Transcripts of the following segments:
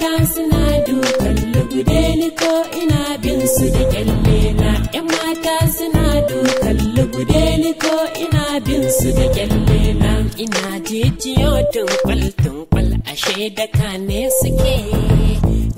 mata suna dukan lugude ni ko ina bin su da kyalle na yan mata suna dukan lugude ni ko ina bin su da kyalle na ina jijiyo tunkwal tunkwal ashe da kane suke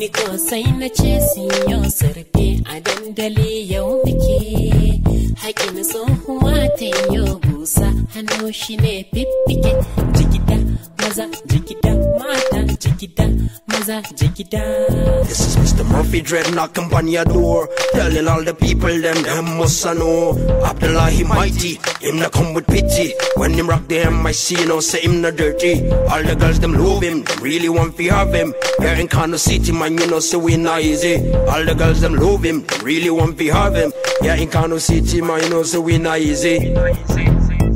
ni ko sai na ce siyo sarfe a dandali yau muke haƙin tsohuwa ta yau busa hannu shi ne fiffike jigida maza jigida mata Maza, This is Mr. Murphy Dread knocking on your door, telling all the people them them must know. Abdullahi mighty, him not come with pity. When him rock the MIC, you know say him not dirty. All the girls them love him, them really want to have him. Here in Kano City, man, you know say we not easy. All the girls them love him, them really want to have him. Yeah, in Kano City, man, you know say we easy. We not easy.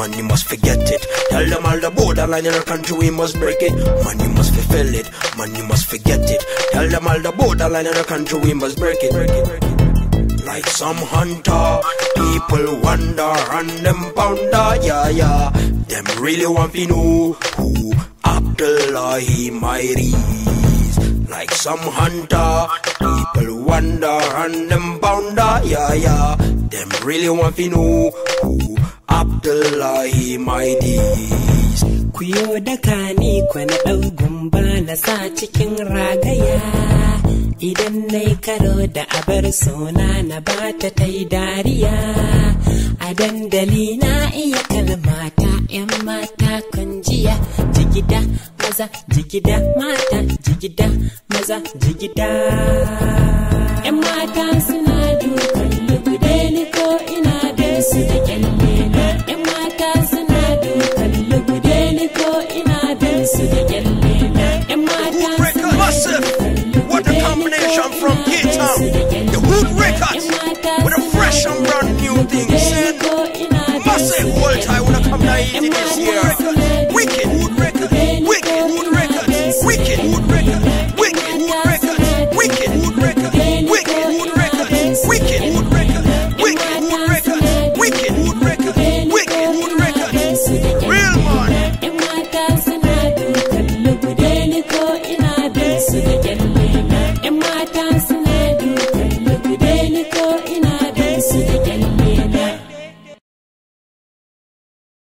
Man, you must forget it. Tell them all the borderline in our country, we must break it. Man, you must fulfill it. Man, you must forget it. Tell them all the borderline in our country, we must break it. Break it, break it like some hunter. People wonder and them pounder, yeah, yeah. Them really want to know who Abdullahi Mighty is. Like some hunter, people wonder and them pounder, yeah, yeah. Them really want to know who Abdullahi Maidis. Ku yo daka ni kwana ɗaugun ba na sa cikin ragaya. Idan na yi karo da abar suna na ba ta ta dariya. A dandali na iya kalmata ‘yan mata kan jiya, jigida maza jigida mata jigida maza jigida. ‘Yan mata suna duka. su da massive what a combination from k the Hood Records with a fresh and brand new thing massive world I wanna come down easy this year suna dukan lukude ni